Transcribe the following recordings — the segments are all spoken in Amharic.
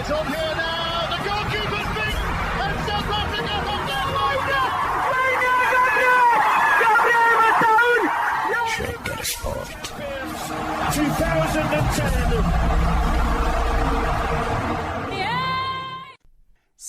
is on here.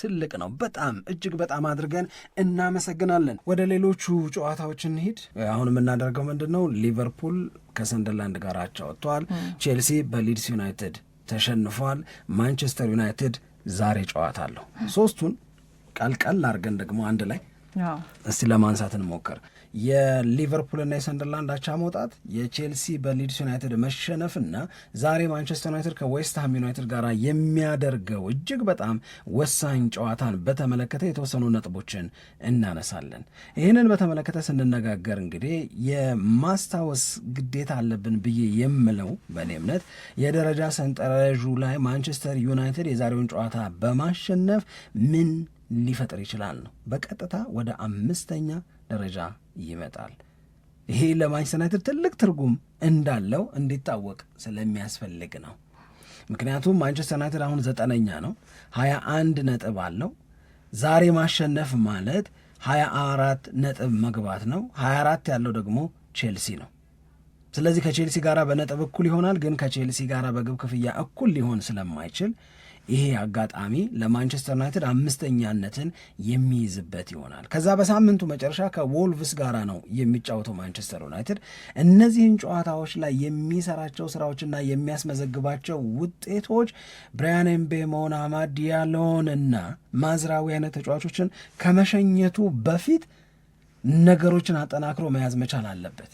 ትልቅ ነው። በጣም እጅግ በጣም አድርገን እናመሰግናለን። ወደ ሌሎቹ ጨዋታዎች እንሂድ። አሁን የምናደርገው ምንድን ነው? ሊቨርፑል ከሰንደርላንድ ጋር አቻ ወጥተዋል። ቼልሲ በሊድስ ዩናይትድ ተሸንፏል። ማንቸስተር ዩናይትድ ዛሬ ጨዋታ አለው። ሶስቱን ቀልቀል አድርገን ደግሞ አንድ ላይ እስቲ ለማንሳት እንሞክር። የሊቨርፑልና የሰንደርላንድ አቻ መውጣት፣ የቼልሲ በሊድስ ዩናይትድ መሸነፍና ዛሬ ማንቸስተር ዩናይትድ ከዌስትሃም ዩናይትድ ጋር የሚያደርገው እጅግ በጣም ወሳኝ ጨዋታን በተመለከተ የተወሰኑ ነጥቦችን እናነሳለን። ይህንን በተመለከተ ስንነጋገር እንግዲህ የማስታወስ ግዴታ አለብን ብዬ የምለው በእኔ እምነት የደረጃ ሰንጠረዡ ላይ ማንቸስተር ዩናይትድ የዛሬውን ጨዋታ በማሸነፍ ምን ሊፈጥር ይችላል ነው። በቀጥታ ወደ አምስተኛ ደረጃ ይመጣል። ይሄ ለማንቸስተር ዩናይትድ ትልቅ ትርጉም እንዳለው እንዲታወቅ ስለሚያስፈልግ ነው። ምክንያቱም ማንቸስተር ዩናይትድ አሁን ዘጠነኛ ነው፣ ሀያ አንድ ነጥብ አለው። ዛሬ ማሸነፍ ማለት ሀያ አራት ነጥብ መግባት ነው። ሀያ አራት ያለው ደግሞ ቼልሲ ነው። ስለዚህ ከቼልሲ ጋር በነጥብ እኩል ይሆናል፣ ግን ከቼልሲ ጋር በግብ ክፍያ እኩል ሊሆን ስለማይችል ይሄ አጋጣሚ ለማንቸስተር ዩናይትድ አምስተኛነትን የሚይዝበት ይሆናል። ከዛ በሳምንቱ መጨረሻ ከዎልቭስ ጋራ ነው የሚጫወተው ማንቸስተር ዩናይትድ። እነዚህን ጨዋታዎች ላይ የሚሰራቸው ስራዎችና የሚያስመዘግባቸው ውጤቶች ብራያን ምቤሞን፣ አማድ ዲያሎን እና ማዝራዊ አይነት ተጫዋቾችን ከመሸኘቱ በፊት ነገሮችን አጠናክሮ መያዝ መቻል አለበት።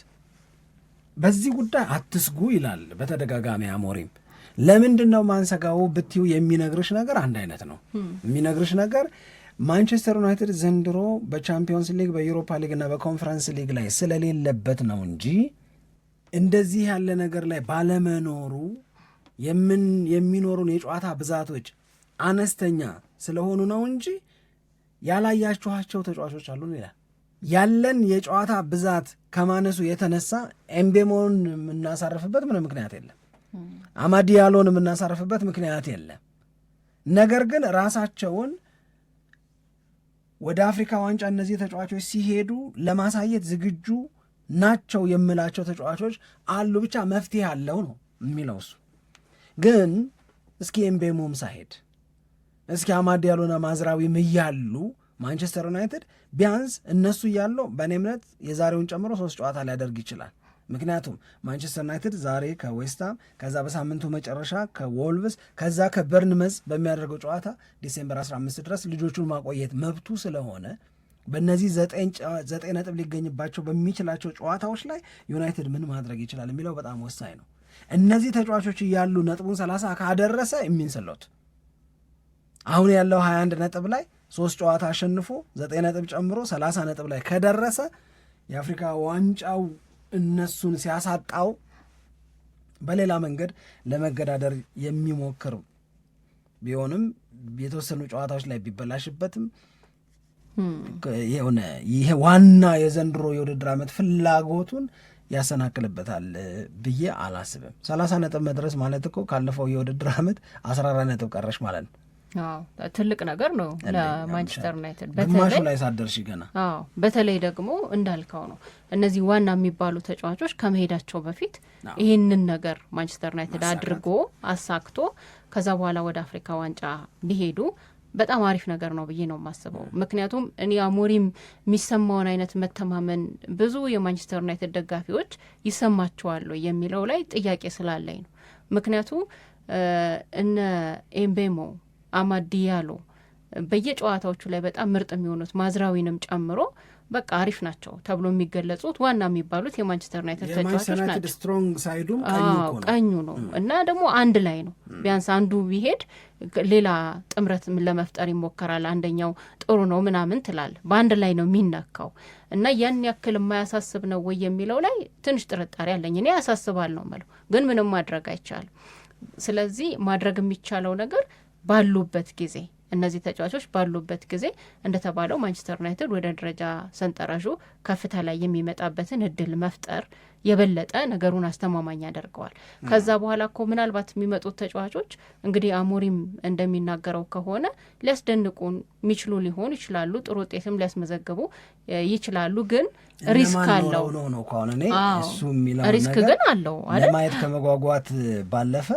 በዚህ ጉዳይ አትስጉ ይላል በተደጋጋሚ አሞሪም ለምንድን ነው ማንሰጋው ብትዩ የሚነግርሽ ነገር አንድ አይነት ነው። የሚነግርሽ ነገር ማንቸስተር ዩናይትድ ዘንድሮ በቻምፒዮንስ ሊግ በዩሮፓ ሊግና በኮንፈረንስ ሊግ ላይ ስለሌለበት ነው እንጂ እንደዚህ ያለ ነገር ላይ ባለመኖሩ የሚኖሩን የጨዋታ ብዛቶች አነስተኛ ስለሆኑ ነው እንጂ ያላያችኋቸው ተጫዋቾች አሉን ይላል። ያለን የጨዋታ ብዛት ከማነሱ የተነሳ ኤምቤሞን የምናሳርፍበት ምንም ምክንያት የለም። አማዲ ያሎን የምናሳርፍበት ምክንያት የለም። ነገር ግን ራሳቸውን ወደ አፍሪካ ዋንጫ እነዚህ ተጫዋቾች ሲሄዱ ለማሳየት ዝግጁ ናቸው የምላቸው ተጫዋቾች አሉ። ብቻ መፍትሄ አለው ነው የሚለው እሱ። ግን እስኪ ኤምቤሞም ሳሄድ እስኪ አማድ ማዝራዊም እያሉ ማንቸስተር ዩናይትድ ቢያንስ እነሱ እያለው በእኔ እምነት የዛሬውን ጨምሮ ሶስት ጨዋታ ሊያደርግ ይችላል። ምክንያቱም ማንቸስተር ዩናይትድ ዛሬ ከዌስትሃም ከዛ በሳምንቱ መጨረሻ ከዎልቭስ ከዛ ከበርንመዝ በሚያደርገው ጨዋታ ዲሴምበር 15 ድረስ ልጆቹን ማቆየት መብቱ ስለሆነ በእነዚህ ዘጠኝ ነጥብ ሊገኝባቸው በሚችላቸው ጨዋታዎች ላይ ዩናይትድ ምን ማድረግ ይችላል የሚለው በጣም ወሳኝ ነው። እነዚህ ተጫዋቾች እያሉ ነጥቡን 30 ካደረሰ የሚንስሎት አሁን ያለው 21 ነጥብ ላይ ሶስት ጨዋታ አሸንፎ ዘጠኝ ነጥብ ጨምሮ 30 ነጥብ ላይ ከደረሰ የአፍሪካ ዋንጫው እነሱን ሲያሳጣው በሌላ መንገድ ለመገዳደር የሚሞክር ቢሆንም የተወሰኑ ጨዋታዎች ላይ ቢበላሽበትም የሆነ ይሄ ዋና የዘንድሮ የውድድር ዓመት ፍላጎቱን ያሰናክልበታል ብዬ አላስብም። ሰላሳ ነጥብ መድረስ ማለት እኮ ካለፈው የውድድር ዓመት አስራ አራት ነጥብ ቀረሽ ማለት ነው። ትልቅ ነገር ነው ለማንቸስተር ዩናይትድ ግማሹ ላይ ሳደርሽ ገና። አዎ በተለይ ደግሞ እንዳልከው ነው እነዚህ ዋና የሚባሉ ተጫዋቾች ከመሄዳቸው በፊት ይህንን ነገር ማንቸስተር ዩናይትድ አድርጎ አሳክቶ ከዛ በኋላ ወደ አፍሪካ ዋንጫ ቢሄዱ በጣም አሪፍ ነገር ነው ብዬ ነው የማስበው። ምክንያቱም እኔ አሞሪም የሚሰማውን አይነት መተማመን ብዙ የማንቸስተር ዩናይትድ ደጋፊዎች ይሰማቸዋሉ የሚለው ላይ ጥያቄ ስላለኝ ነው። ምክንያቱም እነ ኤምቤሞ አማዲያ በየጨዋታዎቹ ላይ በጣም ምርጥ የሚሆኑት ማዝራዊንም ጨምሮ በቃ አሪፍ ናቸው ተብሎ የሚገለጹት ዋና የሚባሉት የማንቸስተር ዩናይትድ ተጫዋቾች ናቸው። ስትሮንግ ሳይዱም ቀኙ ነው እና ደግሞ አንድ ላይ ነው። ቢያንስ አንዱ ቢሄድ ሌላ ጥምረት ለመፍጠር ይሞከራል። አንደኛው ጥሩ ነው ምናምን ትላል። በአንድ ላይ ነው የሚነካው እና ያን ያክል የማያሳስብ ነው ወይ የሚለው ላይ ትንሽ ጥርጣሬ አለኝ። እኔ ያሳስባል ነው የምለው፣ ግን ምንም ማድረግ አይቻልም። ስለዚህ ማድረግ የሚቻለው ነገር ባሉበት ጊዜ እነዚህ ተጫዋቾች ባሉበት ጊዜ እንደተባለው ማንቸስተር ዩናይትድ ወደ ደረጃ ሰንጠረዡ ከፍታ ላይ የሚመጣበትን እድል መፍጠር የበለጠ ነገሩን አስተማማኝ ያደርገዋል። ከዛ በኋላ እኮ ምናልባት የሚመጡት ተጫዋቾች እንግዲህ አሞሪም እንደሚናገረው ከሆነ ሊያስደንቁ የሚችሉ ሊሆን ይችላሉ፣ ጥሩ ውጤትም ሊያስመዘግቡ ይችላሉ። ግን ሪስክ አለው ሪስክ ግን አለው ለማየት ከመጓጓት ባለፈ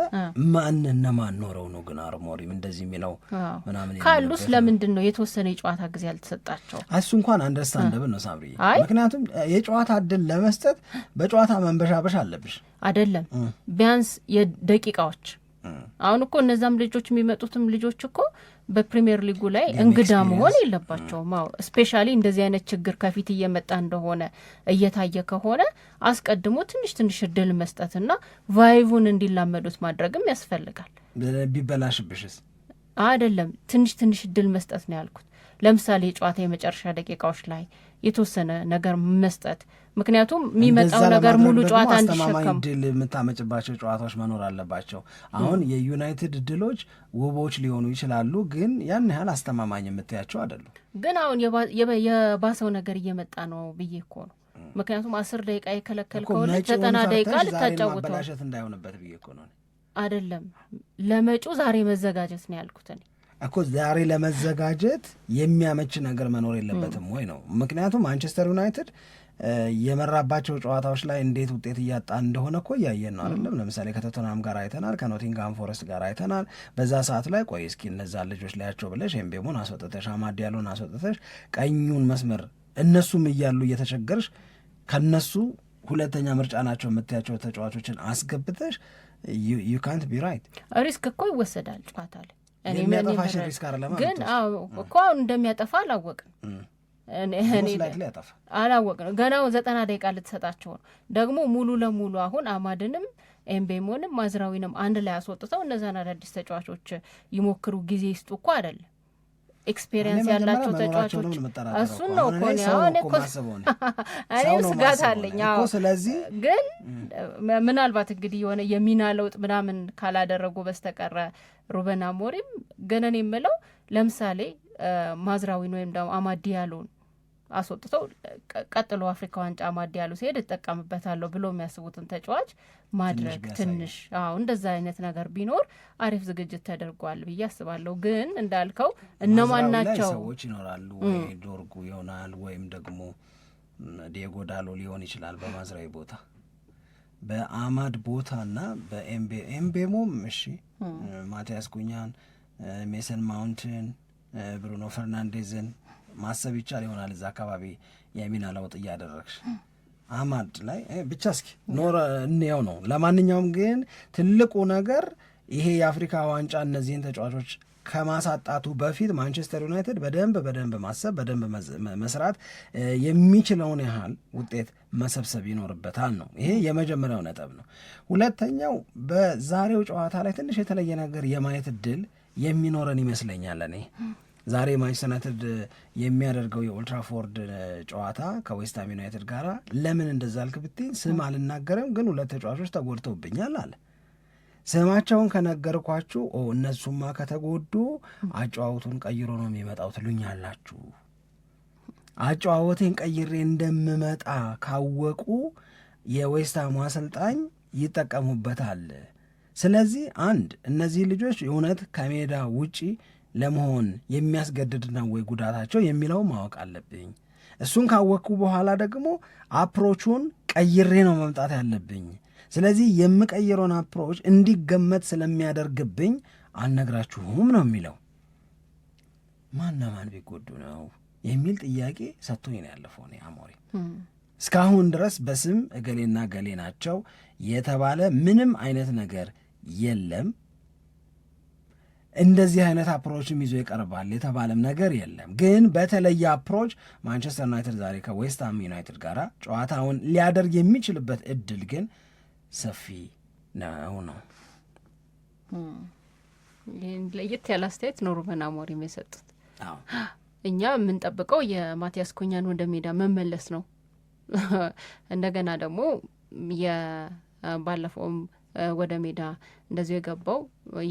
ማን እነማን ኖረው ነው ግን አርሞሪም እንደዚህ የሚለው ምናምን ካሉስ ለምንድን ነው የተወሰነ የጨዋታ ጊዜ ያልተሰጣቸው? እሱ እንኳን አንደርስታንደብል ነው ሳምሪ፣ ምክንያቱም የጨዋታ እድል ለመስጠት በጨ ጨዋታ መንበሻበሽ አለብሽ አይደለም። ቢያንስ የደቂቃዎች አሁን እኮ እነዛም ልጆች የሚመጡትም ልጆች እኮ በፕሪሚየር ሊጉ ላይ እንግዳ መሆን የለባቸውም። አዎ ስፔሻሊ እንደዚህ አይነት ችግር ከፊት እየመጣ እንደሆነ እየታየ ከሆነ አስቀድሞ ትንሽ ትንሽ እድል መስጠትና ቫይቡን እንዲላመዱት ማድረግም ያስፈልጋል። ቢበላሽብሽስ? አይደለም ትንሽ ትንሽ እድል መስጠት ነው ያልኩት። ለምሳሌ የጨዋታ የመጨረሻ ደቂቃዎች ላይ የተወሰነ ነገር መስጠት ምክንያቱም የሚመጣው ነገር ሙሉ ጨዋታ እንዲሸከም ድል የምታመጭባቸው ጨዋታዎች መኖር አለባቸው። አሁን የዩናይትድ ድሎች ውቦች ሊሆኑ ይችላሉ፣ ግን ያን ያህል አስተማማኝ የምትያቸው አይደሉም። ግን አሁን የባሰው ነገር እየመጣ ነው ብዬ እኮ ነው። ምክንያቱም አስር ደቂቃ የከለከል ከሆነ ዘጠና ደቂቃ ልታጫውተው እንዳይሆንበት ብዬ እኮ ነው። አይደለም ለመጪው ዛሬ መዘጋጀት ነው ያልኩት እኔ እኮ ዛሬ ለመዘጋጀት የሚያመች ነገር መኖር የለበትም ወይ ነው። ምክንያቱም ማንቸስተር ዩናይትድ የመራባቸው ጨዋታዎች ላይ እንዴት ውጤት እያጣ እንደሆነ እኮ እያየን ነው አይደለም። ለምሳሌ ከቶተናም ጋር አይተናል፣ ከኖቲንግሃም ፎረስት ጋር አይተናል። በዛ ሰዓት ላይ ቆይ እስኪ እነዛ ልጆች ላያቸው ብለሽ ኤምቤሞን አስወጥተሽ አማድ ያለውን አስወጥተሽ ቀኙን መስመር እነሱም እያሉ እየተቸገርሽ ከነሱ ሁለተኛ ምርጫ ናቸው የምትያቸው ተጫዋቾችን አስገብተሽ ዩ ካንት ቢ ራይት ሪስክ እኮ ይወሰዳል ጨዋታ ላይ የሚያጠፋ ሪስክ ግን እኮ እንደሚያጠፋ አላወቅም አላወቅም ገና ዘጠና ደቂቃ ልትሰጣቸው ነው። ደግሞ ሙሉ ለሙሉ አሁን አማድንም ኤምቤሞንም ማዝራዊንም አንድ ላይ አስወጥተው እነዛን አዳዲስ ተጫዋቾች ይሞክሩ ጊዜ ይስጡ እኮ አይደለም ኤክስፔሪንስ ያላቸው ተጫዋቾች እሱን ነው እኮ እኔም ስጋት አለኝ። ስለዚህ ግን ምናልባት እንግዲህ የሆነ የሚና ለውጥ ምናምን ካላደረጉ በስተቀረ ሩበን አሞሪም ገነን የምለው ለምሳሌ ማዝራዊን ወይም ደግሞ ያለውን አስወጥተው ቀጥሎ አፍሪካ ዋንጫ ማድ ያሉ ሲሄድ እጠቀምበታለሁ ብሎ የሚያስቡትን ተጫዋች ማድረግ ትንሽ አዎ እንደዛ አይነት ነገር ቢኖር አሪፍ ዝግጅት ተደርጓል ብዬ አስባለሁ። ግን እንዳልከው እነማን ናቸው ሰዎች ይኖራሉ፣ ወይ ዶርጉ ይሆናል ወይም ደግሞ ዲየጎ ዳሎ ሊሆን ይችላል። በማዝራዊ ቦታ በአማድ ቦታ ና በኤምቤሞም እሺ ማቲያስ ኩኛን፣ ሜሰን ማውንትን፣ ብሩኖ ፈርናንዴዝን ማሰብ ይቻል ይሆናል እዛ አካባቢ የሚና ለውጥ እያደረግሽ አማድ ላይ ብቻ እስኪ ኖረ እንየው ነው። ለማንኛውም ግን ትልቁ ነገር ይሄ የአፍሪካ ዋንጫ እነዚህን ተጫዋቾች ከማሳጣቱ በፊት ማንቸስተር ዩናይትድ በደንብ በደንብ ማሰብ በደንብ መስራት የሚችለውን ያህል ውጤት መሰብሰብ ይኖርበታል ነው። ይሄ የመጀመሪያው ነጥብ ነው። ሁለተኛው በዛሬው ጨዋታ ላይ ትንሽ የተለየ ነገር የማየት እድል የሚኖረን ይመስለኛል እኔ ዛሬ ማንቸስተር ዩናይትድ የሚያደርገው የኦልትራፎርድ ጨዋታ ከዌስትሃም ዩናይትድ ጋር ለምን እንደዛ አልክ ብትይ ስም አልናገርም ግን ሁለት ተጫዋቾች ተጎድተውብኛል አለ። ስማቸውን ከነገርኳችሁ እነሱማ ከተጎዱ አጨዋወቱን ቀይሮ ነው የሚመጣው ትሉኛላችሁ። አጨዋወቴን ቀይሬ እንደምመጣ ካወቁ የዌስትሃሙ አሰልጣኝ ይጠቀሙበታል። ስለዚህ አንድ እነዚህ ልጆች እውነት ከሜዳ ውጪ ለመሆን የሚያስገድድ ነው ወይ ጉዳታቸው የሚለው ማወቅ አለብኝ። እሱን ካወቅኩ በኋላ ደግሞ አፕሮቹን ቀይሬ ነው መምጣት ያለብኝ። ስለዚህ የምቀይረውን አፕሮች እንዲገመት ስለሚያደርግብኝ አልነግራችሁም ነው የሚለው። ማና ማን ቢጎዱ ነው የሚል ጥያቄ ሰጥቶኝ ነው ያለፈው አሞሪም። እስካሁን ድረስ በስም እገሌና እገሌ ናቸው የተባለ ምንም አይነት ነገር የለም። እንደዚህ አይነት አፕሮችም ይዞ ይቀርባል የተባለም ነገር የለም። ግን በተለየ አፕሮች ማንቸስተር ዩናይትድ ዛሬ ከዌስትሃም ዩናይትድ ጋር ጨዋታውን ሊያደርግ የሚችልበት እድል ግን ሰፊ ነው ነው ለየት ያለ አስተያየት ነው ሩበን አሞሪም የሰጡት። እኛ የምንጠብቀው የማቲያስ ኩኛን ወደ ሜዳ መመለስ ነው። እንደገና ደግሞ የባለፈውም ወደ ሜዳ እንደዚሁ የገባው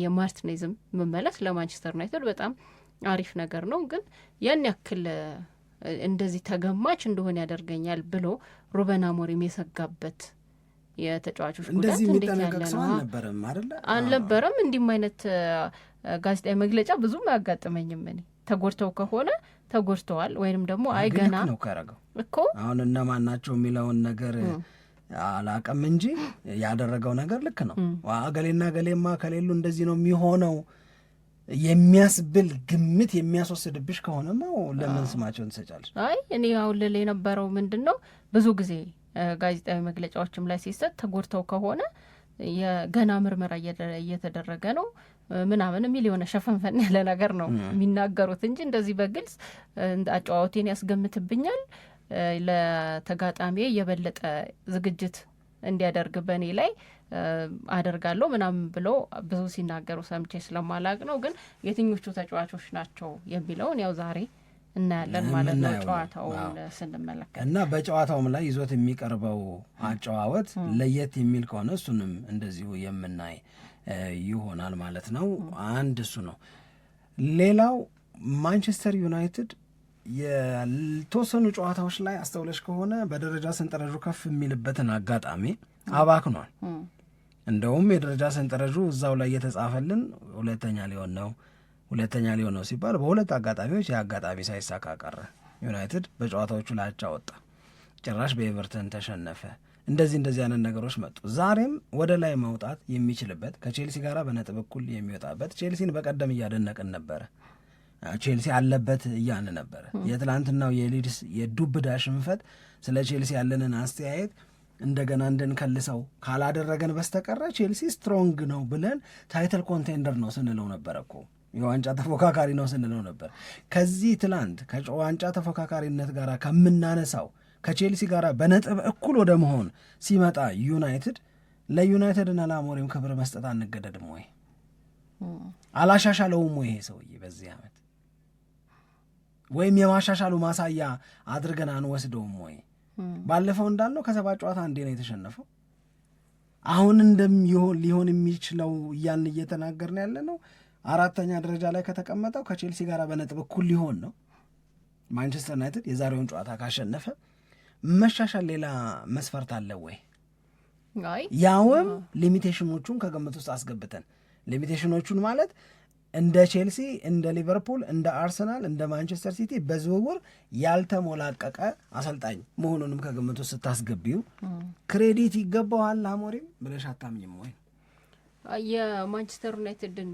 የማርቲኔዝም መመለስ ለማንቸስተር ዩናይትድ በጣም አሪፍ ነገር ነው። ግን ያን ያክል እንደዚህ ተገማች እንደሆነ ያደርገኛል ብሎ ሩበን አሞሪም የሰጋበት የተጫዋቾች ጉዳት እንዴት ያለ ነው አልነበረም። እንዲህም አይነት ጋዜጣዊ መግለጫ ብዙም አያጋጥመኝም እኔ ተጎድተው ከሆነ ተጎድተዋል ወይንም ደግሞ አይገና ነው ገና እኮ አሁን እነማን ናቸው የሚለውን ነገር አላቅም እንጂ ያደረገው ነገር ልክ ነው። እገሌና እገሌማ ከሌሉ እንደዚህ ነው የሚሆነው የሚያስብል ግምት የሚያስወስድብሽ ከሆነማ ለምን ስማቸውን ትሰጫለች? አይ እኔ አሁን የነበረው ምንድን ነው ብዙ ጊዜ ጋዜጣዊ መግለጫዎችም ላይ ሲሰጥ ተጎድተው ከሆነ የገና ምርመራ እየተደረገ ነው ምናምን የሚል የሆነ ሸፈንፈን ያለ ነገር ነው የሚናገሩት እንጂ እንደዚህ በግልጽ አጨዋወቴን ያስገምትብኛል ለተጋጣሚ የበለጠ ዝግጅት እንዲያደርግ በእኔ ላይ አደርጋለሁ ምናምን ብሎ ብዙ ሲናገሩ ሰምቼ ስለማላቅ ነው። ግን የትኞቹ ተጫዋቾች ናቸው የሚለውን ያው ዛሬ እናያለን ማለት ነው። ጨዋታውን ስንመለከት እና በጨዋታውም ላይ ይዞት የሚቀርበው አጨዋወት ለየት የሚል ከሆነ እሱንም እንደዚሁ የምናይ ይሆናል ማለት ነው። አንድ እሱ ነው። ሌላው ማንቸስተር ዩናይትድ የተወሰኑ ጨዋታዎች ላይ አስተውለሽ ከሆነ በደረጃ ሰንጠረዡ ከፍ የሚልበትን አጋጣሚ አባክኗል። እንደውም የደረጃ ሰንጠረዡ እዛው ላይ እየተጻፈልን ሁለተኛ ሊሆን ነው ሁለተኛ ሊሆን ነው ሲባል በሁለት አጋጣሚዎች የአጋጣሚ ሳይሳካ ቀረ። ዩናይትድ በጨዋታዎቹ ላይ አቻ ወጣ፣ ጭራሽ በኤቨርተን ተሸነፈ። እንደዚህ እንደዚህ አይነት ነገሮች መጡ። ዛሬም ወደ ላይ መውጣት የሚችልበት ከቼልሲ ጋር በነጥብ እኩል የሚወጣበት ቼልሲን በቀደም እያደነቅን ነበረ ቼልሲ አለበት እያን ነበረ። የትላንትናው የሊድስ የዱብዳ ሽንፈት ስለ ቼልሲ ያለንን አስተያየት እንደገና እንድንከልሰው ካላደረገን በስተቀረ ቼልሲ ስትሮንግ ነው ብለን ታይትል ኮንቴንደር ነው ስንለው ነበረ እኮ የዋንጫ ተፎካካሪ ነው ስንለው ነበር። ከዚህ ትላንት ከዋንጫ ተፎካካሪነት ጋር ከምናነሳው ከቼልሲ ጋር በነጥብ እኩል ወደ መሆን ሲመጣ ዩናይትድ ለዩናይትድ እና ለአሞሪም ክብር መስጠት አንገደድም ወይ? አላሻሻለውም ወይ ይሄ ሰውዬ በዚህ ዓመት ወይም የማሻሻሉ ማሳያ አድርገን አንወስደውም ወይ? ባለፈው እንዳለው ከሰባ ጨዋታ አንዴ ነው የተሸነፈው። አሁን እንደም ሊሆን የሚችለው እያልን እየተናገርን ያለ ነው። አራተኛ ደረጃ ላይ ከተቀመጠው ከቼልሲ ጋር በነጥብ እኩል ሊሆን ነው። ማንቸስተር ዩናይትድ የዛሬውን ጨዋታ ካሸነፈ መሻሻል ሌላ መስፈርት አለ ወይ? ያውም ሊሚቴሽኖቹን ከግምት ውስጥ አስገብተን ሊሚቴሽኖቹን ማለት እንደ ቼልሲ፣ እንደ ሊቨርፑል፣ እንደ አርሰናል፣ እንደ ማንቸስተር ሲቲ በዝውውር ያልተሞላቀቀ አሰልጣኝ መሆኑንም ከግምቱ ስታስገቢው ክሬዲት ይገባዋል አሞሪም ብለሽ አታምኝም ወይ? የማንቸስተር ዩናይትድን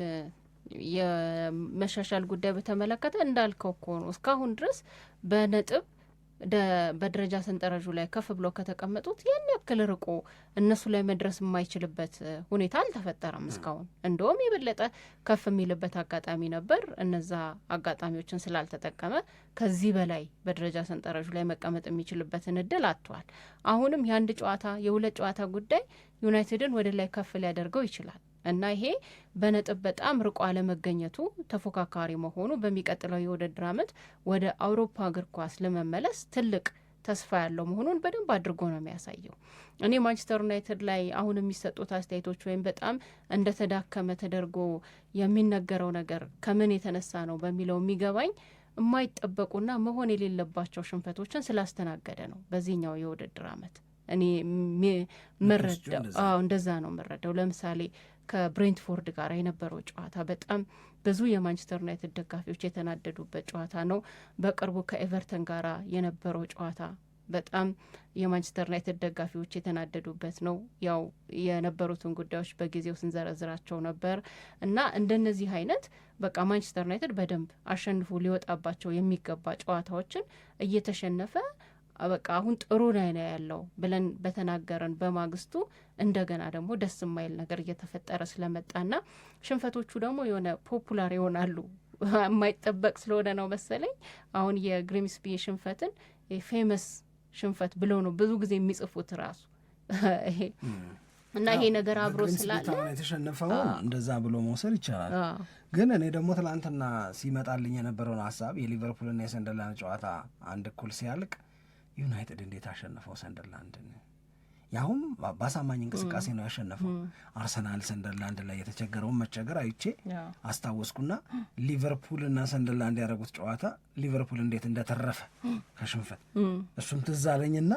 የመሻሻል ጉዳይ በተመለከተ እንዳልከው እኮ ነው እስካሁን ድረስ በነጥብ በደረጃ ሰንጠረዡ ላይ ከፍ ብለው ከተቀመጡት ያን ያክል ርቆ እነሱ ላይ መድረስ የማይችልበት ሁኔታ አልተፈጠረም እስካሁን። እንደውም የበለጠ ከፍ የሚልበት አጋጣሚ ነበር። እነዛ አጋጣሚዎችን ስላልተጠቀመ ከዚህ በላይ በደረጃ ሰንጠረዡ ላይ መቀመጥ የሚችልበትን እድል አጥቷል። አሁንም የአንድ ጨዋታ የሁለት ጨዋታ ጉዳይ ዩናይትድን ወደ ላይ ከፍ ሊያደርገው ይችላል። እና ይሄ በነጥብ በጣም ርቆ አለመገኘቱ ተፎካካሪ መሆኑ በሚቀጥለው የውድድር ዓመት ወደ አውሮፓ እግር ኳስ ለመመለስ ትልቅ ተስፋ ያለው መሆኑን በደንብ አድርጎ ነው የሚያሳየው። እኔ ማንቸስተር ዩናይትድ ላይ አሁን የሚሰጡት አስተያየቶች ወይም በጣም እንደተዳከመ ተደርጎ የሚነገረው ነገር ከምን የተነሳ ነው በሚለው የሚገባኝ የማይጠበቁና መሆን የሌለባቸው ሽንፈቶችን ስላስተናገደ ነው በዚህኛው የውድድር ዓመት እኔ ምረዳው እንደዛ ነው ምረዳው ለምሳሌ ከብሬንትፎርድ ጋር የነበረው ጨዋታ በጣም ብዙ የማንቸስተር ዩናይትድ ደጋፊዎች የተናደዱበት ጨዋታ ነው። በቅርቡ ከኤቨርተን ጋር የነበረው ጨዋታ በጣም የማንቸስተር ዩናይትድ ደጋፊዎች የተናደዱበት ነው። ያው የነበሩትን ጉዳዮች በጊዜው ስንዘረዝራቸው ነበር እና እንደነዚህ አይነት በቃ ማንቸስተር ዩናይትድ በደንብ አሸንፎ ሊወጣባቸው የሚገባ ጨዋታዎችን እየተሸነፈ በቃ አሁን ጥሩ ላይ ነው ያለው ብለን በተናገረን በማግስቱ እንደገና ደግሞ ደስ የማይል ነገር እየተፈጠረ ስለመጣና ሽንፈቶቹ ደግሞ የሆነ ፖፑላር ይሆናሉ የማይጠበቅ ስለሆነ ነው መሰለኝ አሁን የግሪምስቢ ሽንፈትን ፌመስ ሽንፈት ብለው ነው ብዙ ጊዜ የሚጽፉት ራሱ እና ይሄ ነገር አብሮ ስላለ የተሸነፈው እንደዛ ብሎ መውሰድ ይቻላል። ግን እኔ ደግሞ ትናንትና ሲመጣልኝ የነበረውን ሀሳብ የሊቨርፑልና የሰንደርላንድ ጨዋታ አንድ እኩል ሲያልቅ ዩናይትድ እንዴት አሸነፈው ሰንደርላንድን? ያሁም በአሳማኝ እንቅስቃሴ ነው ያሸነፈው። አርሰናል ሰንደርላንድ ላይ የተቸገረውን መቸገር አይቼ አስታወስኩና ሊቨርፑልና ሰንደርላንድ ያደረጉት ጨዋታ ሊቨርፑል እንዴት እንደተረፈ ከሽንፈት እሱም ትዝ አለኝና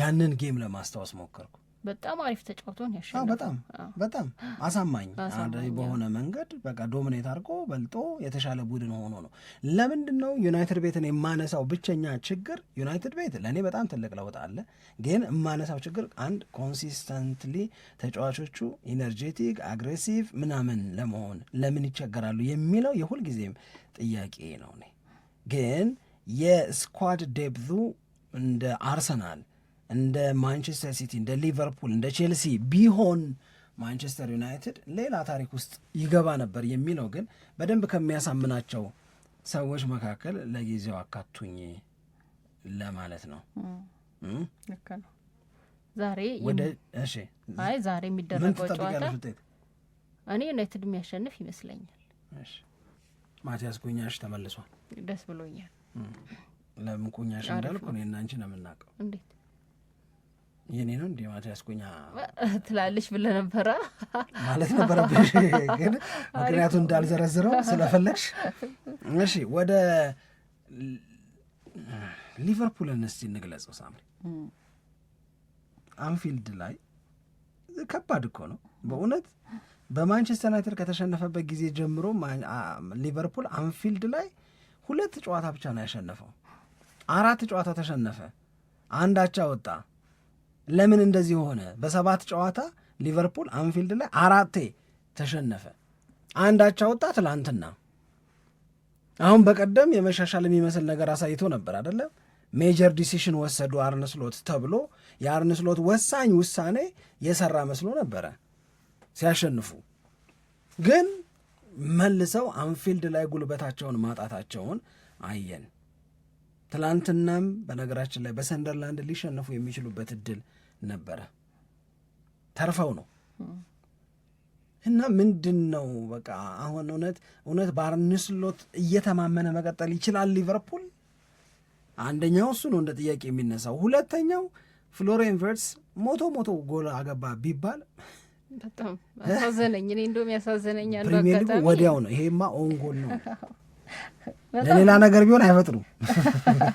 ያንን ጌም ለማስታወስ ሞከርኩ። በጣም አሪፍ ተጫውቶን ያሸነፈው በጣም በጣም አሳማኝ በሆነ መንገድ በቃ ዶሚኔት አድርጎ በልጦ የተሻለ ቡድን ሆኖ ነው። ለምንድን ነው ዩናይትድ ቤትን የማነሳው? ብቸኛ ችግር ዩናይትድ ቤት ለእኔ በጣም ትልቅ ለውጥ አለ፣ ግን የማነሳው ችግር አንድ ኮንሲስተንትሊ ተጫዋቾቹ ኢነርጄቲክ አግሬሲቭ ምናምን ለመሆን ለምን ይቸገራሉ የሚለው የሁልጊዜም ጥያቄ ነው። እኔ ግን የስኳድ ዴብዙ እንደ አርሰናል እንደ ማንቸስተር ሲቲ፣ እንደ ሊቨርፑል፣ እንደ ቼልሲ ቢሆን ማንቸስተር ዩናይትድ ሌላ ታሪክ ውስጥ ይገባ ነበር የሚለው ግን በደንብ ከሚያሳምናቸው ሰዎች መካከል ለጊዜው አካቱኝ ለማለት ነው። ዛሬ ዛሬ የሚደረገው ጨዋታ እኔ ዩናይትድ የሚያሸንፍ ይመስለኛል። ማቲያስ ጉኛሽ ተመልሷል። ደስ ብሎኛል። ለምን እንዳልኩ እኔ እና አንቺ ነው የምናውቀው። እንዴት የኔ ነው እንዴ ማትያስ ኩኛ ትላለች ብለ ነበረ ማለት ነበረብሽ፣ ግን ምክንያቱ እንዳልዘረዝረው ስለፈለግሽ። እሺ ወደ ሊቨርፑልን እስቲ እንግለጸው። ሳምሪ አንፊልድ ላይ ከባድ እኮ ነው በእውነት በማንቸስተር ዩናይትድ ከተሸነፈበት ጊዜ ጀምሮ ሊቨርፑል አንፊልድ ላይ ሁለት ጨዋታ ብቻ ነው ያሸነፈው። አራት ጨዋታ ተሸነፈ፣ አንድ አቻ ወጣ ለምን እንደዚህ ሆነ? በሰባት ጨዋታ ሊቨርፑል አንፊልድ ላይ አራቴ ተሸነፈ። አንዳቻ ወጣ ትላንትና። አሁን በቀደም የመሻሻል የሚመስል ነገር አሳይቶ ነበር አይደለም? ሜጀር ዲሲሽን ወሰዱ አርንስሎት ተብሎ የአርንስሎት ወሳኝ ውሳኔ የሰራ መስሎ ነበረ ሲያሸንፉ፣ ግን መልሰው አንፊልድ ላይ ጉልበታቸውን ማጣታቸውን አየን። ትላንትናም በነገራችን ላይ በሰንደርላንድ ሊሸነፉ የሚችሉበት እድል ነበረ ተርፈው ነው እና ምንድን ነው በቃ አሁን እውነት እውነት በአርነ ስሎት እየተማመነ መቀጠል ይችላል ሊቨርፑል? አንደኛው እሱ ነው እንደ ጥያቄ የሚነሳው። ሁለተኛው ፍሎሬን ቨርትዝ ሞቶ ሞቶ ጎል አገባ ቢባል በጣም አሳዘነኝ። እኔ እንደውም ያሳዘነኝ ፕሪሚየር ሊጉ ወዲያው ነው። ይሄማ ኦንጎል ነው። ለሌላ ነገር ቢሆን አይፈጥሩም።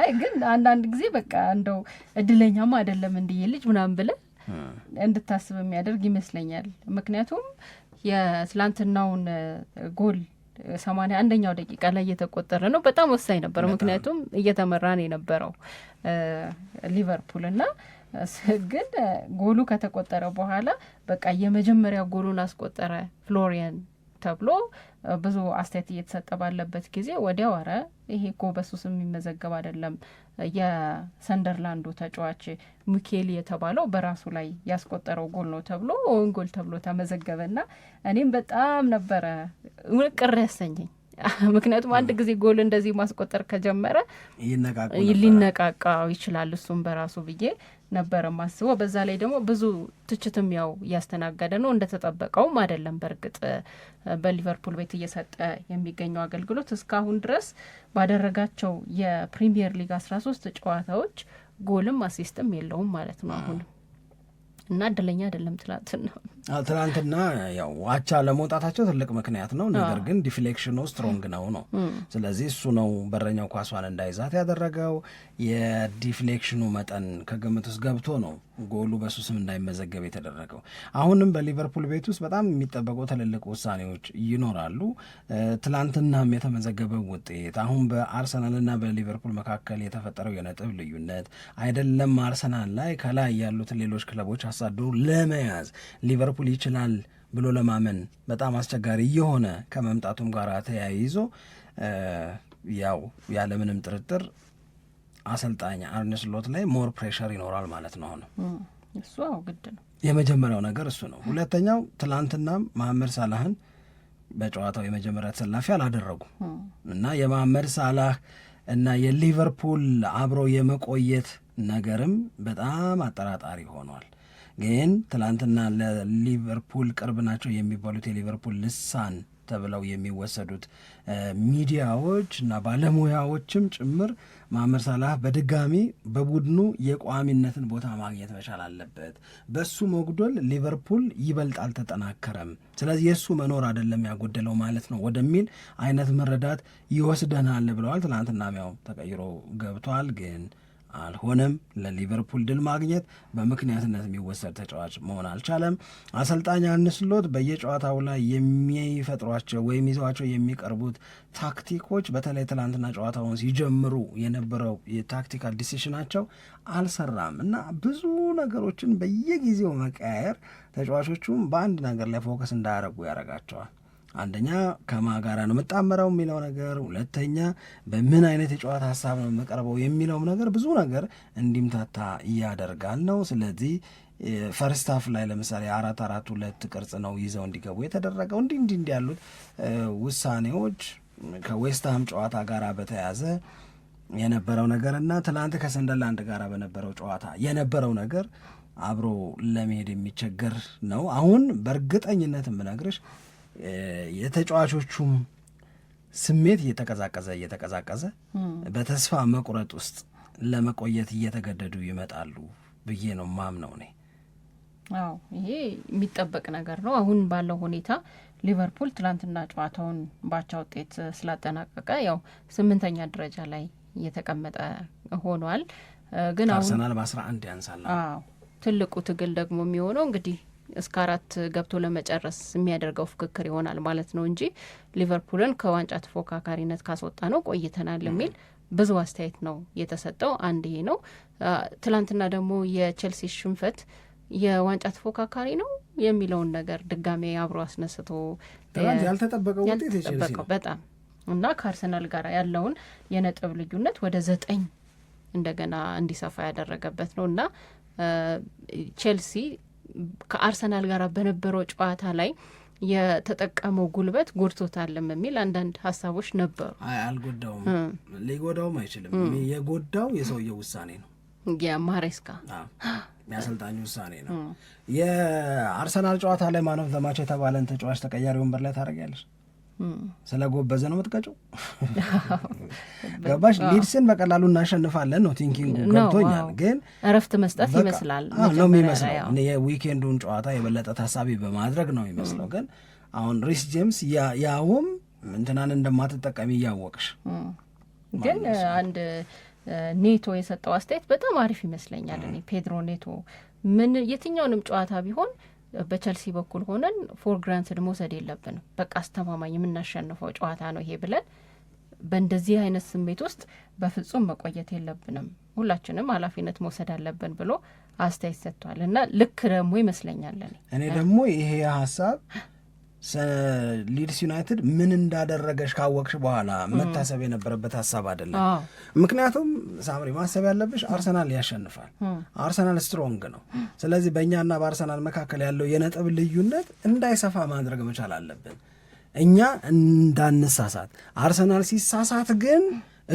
አይ ግን አንዳንድ ጊዜ በቃ እንደው እድለኛም አይደለም እንዲህ ልጅ ምናምን ብለ እንድታስብ የሚያደርግ ይመስለኛል። ምክንያቱም የትላንትናውን ጎል ሰማንያ አንደኛው ደቂቃ ላይ እየተቆጠረ ነው። በጣም ወሳኝ ነበር፣ ምክንያቱም እየተመራ የነበረው ሊቨርፑል እና ግን ጎሉ ከተቆጠረ በኋላ በቃ የመጀመሪያ ጎሉን አስቆጠረ ፍሎሪያን ተብሎ ብዙ አስተያየት እየተሰጠ ባለበት ጊዜ ወዲያ ወረ ይሄ ኮ በሱስ የሚመዘገብ አይደለም፣ የሰንደርላንዱ ተጫዋች ሚኬል የተባለው በራሱ ላይ ያስቆጠረው ጎል ነው ተብሎ ኦውን ጎል ተብሎ ተመዘገበ። ና እኔም በጣም ነበረ ቅር ያሰኘኝ ምክንያቱም አንድ ጊዜ ጎል እንደዚህ ማስቆጠር ከጀመረ ሊነቃቃ ይችላል እሱም በራሱ ብዬ ነበረ ማስበው። በዛ ላይ ደግሞ ብዙ ትችትም ያው እያስተናገደ ነው፣ እንደተጠበቀውም አይደለም። በእርግጥ በሊቨርፑል ቤት እየሰጠ የሚገኘው አገልግሎት እስካሁን ድረስ ባደረጋቸው የፕሪሚየር ሊግ አስራ ሶስት ጨዋታዎች ጎልም አሲስትም የለውም ማለት ነው አሁንም እና እድለኛ አይደለም ነው ትናንትና ያው አቻ ለመውጣታቸው ትልቅ ምክንያት ነው። ነገር ግን ዲፍሌክሽኑ ስትሮንግ ነው ነው ስለዚህ እሱ ነው በረኛው ኳሷን እንዳይዛት ያደረገው። የዲፍሌክሽኑ መጠን ከግምት ውስጥ ገብቶ ነው ጎሉ በሱ ስም እንዳይመዘገብ የተደረገው። አሁንም በሊቨርፑል ቤት ውስጥ በጣም የሚጠበቁ ትልልቅ ውሳኔዎች ይኖራሉ። ትናንትናም የተመዘገበው ውጤት አሁን በአርሰናልና በሊቨርፑል መካከል የተፈጠረው የነጥብ ልዩነት አይደለም አርሰናል ላይ ከላይ ያሉትን ሌሎች ክለቦች አሳድሮ ለመያዝ ሊቨር ሊቨርፑል ይችላል ብሎ ለማመን በጣም አስቸጋሪ እየሆነ ከመምጣቱም ጋር ተያይዞ ያው ያለምንም ጥርጥር አሰልጣኝ አርነ ስሎት ላይ ሞር ፕሬሸር ይኖራል ማለት ነው። ሆነ እሱ ግድ ነው። የመጀመሪያው ነገር እሱ ነው። ሁለተኛው ትላንትና መሐመድ ሳላህን በጨዋታው የመጀመሪያ ተሰላፊ አላደረጉ እና የመሐመድ ሳላህ እና የሊቨርፑል አብሮ የመቆየት ነገርም በጣም አጠራጣሪ ሆኗል። ግን ትላንትና ለሊቨርፑል ቅርብ ናቸው የሚባሉት የሊቨርፑል ልሳን ተብለው የሚወሰዱት ሚዲያዎች እና ባለሙያዎችም ጭምር ማመር ሳላህ በድጋሚ በቡድኑ የቋሚነትን ቦታ ማግኘት መቻል አለበት። በሱ መጉደል ሊቨርፑል ይበልጥ አልተጠናከረም፣ ስለዚህ የእሱ መኖር አይደለም ያጎደለው ማለት ነው ወደሚል አይነት መረዳት ይወስደናል ብለዋል። ትናንትናም ያው ተቀይሮ ገብቷል ግን አልሆነም። ለሊቨርፑል ድል ማግኘት በምክንያትነት የሚወሰድ ተጫዋች መሆን አልቻለም። አሰልጣኝ አርነ ስሎት በየጨዋታው ላይ የሚፈጥሯቸው ወይም ይዘዋቸው የሚቀርቡት ታክቲኮች፣ በተለይ ትናንትና ጨዋታውን ሲጀምሩ የነበረው የታክቲካል ዲሲሽናቸው አልሰራም እና ብዙ ነገሮችን በየጊዜው መቀያየር ተጫዋቾቹም በአንድ ነገር ላይ ፎከስ እንዳያደርጉ ያደርጋቸዋል። አንደኛ ከማ ጋር ነው የምጣመረው የሚለው ነገር፣ ሁለተኛ በምን አይነት የጨዋታ ሀሳብ ነው የምቀርበው የሚለውም ነገር ብዙ ነገር እንዲምታታ እያደርጋል ነው። ስለዚህ ፈርስት ሀፍ ላይ ለምሳሌ አራት አራት ሁለት ቅርጽ ነው ይዘው እንዲገቡ የተደረገው። እንዲህ እንዲህ እንዲህ ያሉት ውሳኔዎች ከዌስትሃም ጨዋታ ጋር በተያዘ የነበረው ነገር እና ትናንት ከሰንደርላንድ ጋር በነበረው ጨዋታ የነበረው ነገር አብሮ ለመሄድ የሚቸገር ነው። አሁን በእርግጠኝነት የምነግርሽ የተጫዋቾቹም ስሜት እየተቀዛቀዘ እየተቀዛቀዘ በተስፋ መቁረጥ ውስጥ ለመቆየት እየተገደዱ ይመጣሉ ብዬ ነው ማምነው እኔ። አዎ ይሄ የሚጠበቅ ነገር ነው። አሁን ባለው ሁኔታ ሊቨርፑል ትላንትና ጨዋታውን ባቻ ውጤት ስላጠናቀቀ ያው ስምንተኛ ደረጃ ላይ እየተቀመጠ ሆኗል። ግን አርሰናል በአስራ አንድ ያንሳል። አዎ ትልቁ ትግል ደግሞ የሚሆነው እንግዲህ እስከ አራት ገብቶ ለመጨረስ የሚያደርገው ፍክክር ይሆናል ማለት ነው እንጂ ሊቨርፑልን ከዋንጫ ተፎካካሪነት ካስወጣ ነው ቆይተናል የሚል ብዙ አስተያየት ነው የተሰጠው። አንድ ይሄ ነው። ትላንትና ደግሞ የቼልሲ ሽንፈት የዋንጫ ተፎካካሪ ነው የሚለውን ነገር ድጋሜ አብሮ አስነስቶ ያልተጠበቀው ያልተጠበቀው በጣም እና ከአርሰናል ጋር ያለውን የነጥብ ልዩነት ወደ ዘጠኝ እንደገና እንዲሰፋ ያደረገበት ነው እና ቼልሲ ከአርሰናል ጋር በነበረው ጨዋታ ላይ የተጠቀመው ጉልበት ጎድቶታለም የሚል አንዳንድ ሀሳቦች ነበሩ። አልጎዳውም፣ ሊጎዳውም አይችልም። የጎዳው የሰውየው ውሳኔ ነው፣ የማሬስካ የአሰልጣኙ ውሳኔ ነው። የአርሰናል ጨዋታ ላይ ማን ኦፍ ዘ ማች የተባለን ተጫዋች ተቀያሪ ወንበር ላይ ታደርጊያለሽ። ስለጎበዘ ነው የምትቀጭው። ገባሽ? ሊድስን በቀላሉ እናሸንፋለን ነው ቲንኪንጉ። ገብቶኛል። ግን እረፍት መስጠት ይመስላል ነው የሚመስለው። የዊኬንዱን ጨዋታ የበለጠ ታሳቢ በማድረግ ነው የሚመስለው። ግን አሁን ሪስ ጄምስ ያውም እንትናን እንደማትጠቀሚ እያወቅሽ ግን አንድ ኔቶ የሰጠው አስተያየት በጣም አሪፍ ይመስለኛል። እኔ ፔድሮ ኔቶ ምን የትኛውንም ጨዋታ ቢሆን በቸልሲ በኩል ሆነን ፎር ግራንትድ መውሰድ የለብንም። በቃ አስተማማኝ የምናሸንፈው ጨዋታ ነው ይሄ ብለን በእንደዚህ አይነት ስሜት ውስጥ በፍጹም መቆየት የለብንም፣ ሁላችንም ኃላፊነት መውሰድ አለብን ብሎ አስተያየት ሰጥቷል። እና ልክ ደግሞ ይመስለኛለን እኔ ደግሞ ይሄ ሀሳብ ሊድስ ዩናይትድ ምን እንዳደረገሽ ካወቅሽ በኋላ መታሰብ የነበረበት ሀሳብ አይደለም። ምክንያቱም ሳምሪ ማሰብ ያለብሽ አርሰናል ያሸንፋል፣ አርሰናል ስትሮንግ ነው። ስለዚህ በእኛና በአርሰናል መካከል ያለው የነጥብ ልዩነት እንዳይሰፋ ማድረግ መቻል አለብን፣ እኛ እንዳንሳሳት። አርሰናል ሲሳሳት ግን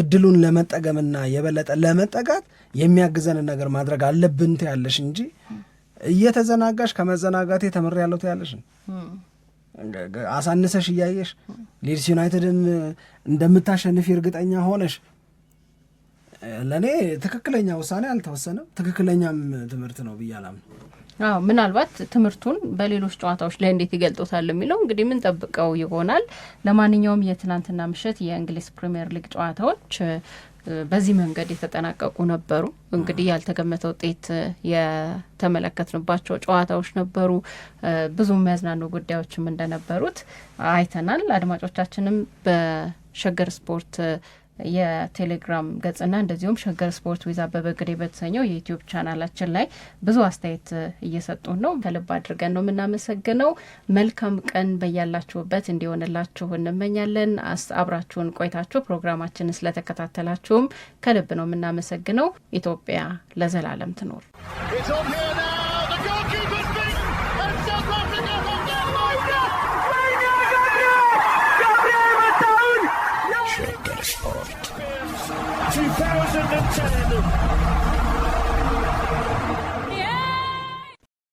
እድሉን ለመጠገምና የበለጠ ለመጠጋት የሚያግዘንን ነገር ማድረግ አለብን ትያለሽ እንጂ እየተዘናጋሽ ከመዘናጋቴ ተምሬያለሁ ትያለሽ አሳንሰሽ እያየሽ ሊድስ ዩናይትድን እንደምታሸንፊ እርግጠኛ ሆነሽ ለእኔ ትክክለኛ ውሳኔ አልተወሰነም። ትክክለኛም ትምህርት ነው ብዬ አላምነው። አዎ ምናልባት ትምህርቱን በሌሎች ጨዋታዎች ላይ እንዴት ይገልጦታል የሚለው እንግዲህ ጠብቀው ይሆናል። ለማንኛውም የትናንትና ምሽት የእንግሊዝ ፕሪምየር ሊግ ጨዋታዎች በዚህ መንገድ የተጠናቀቁ ነበሩ። እንግዲህ ያልተገመተ ውጤት የተመለከትንባቸው ጨዋታዎች ነበሩ። ብዙ የሚያዝናኑ ጉዳዮችም እንደነበሩት አይተናል። አድማጮቻችንም በሸገር ስፖርት የቴሌግራም ገጽና እንደዚሁም ሸገር ስፖርት ዊዝ አበበ ግዴ በተሰኘው የዩትዩብ ቻናላችን ላይ ብዙ አስተያየት እየሰጡ ነው። ከልብ አድርገን ነው የምናመሰግነው። መልካም ቀን በያላችሁበት እንዲሆንላችሁ እንመኛለን። አብራችሁን ቆይታችሁ ፕሮግራማችንን ስለተከታተላችሁም ከልብ ነው የምናመሰግነው። ኢትዮጵያ ለዘላለም ትኖር። Tchau,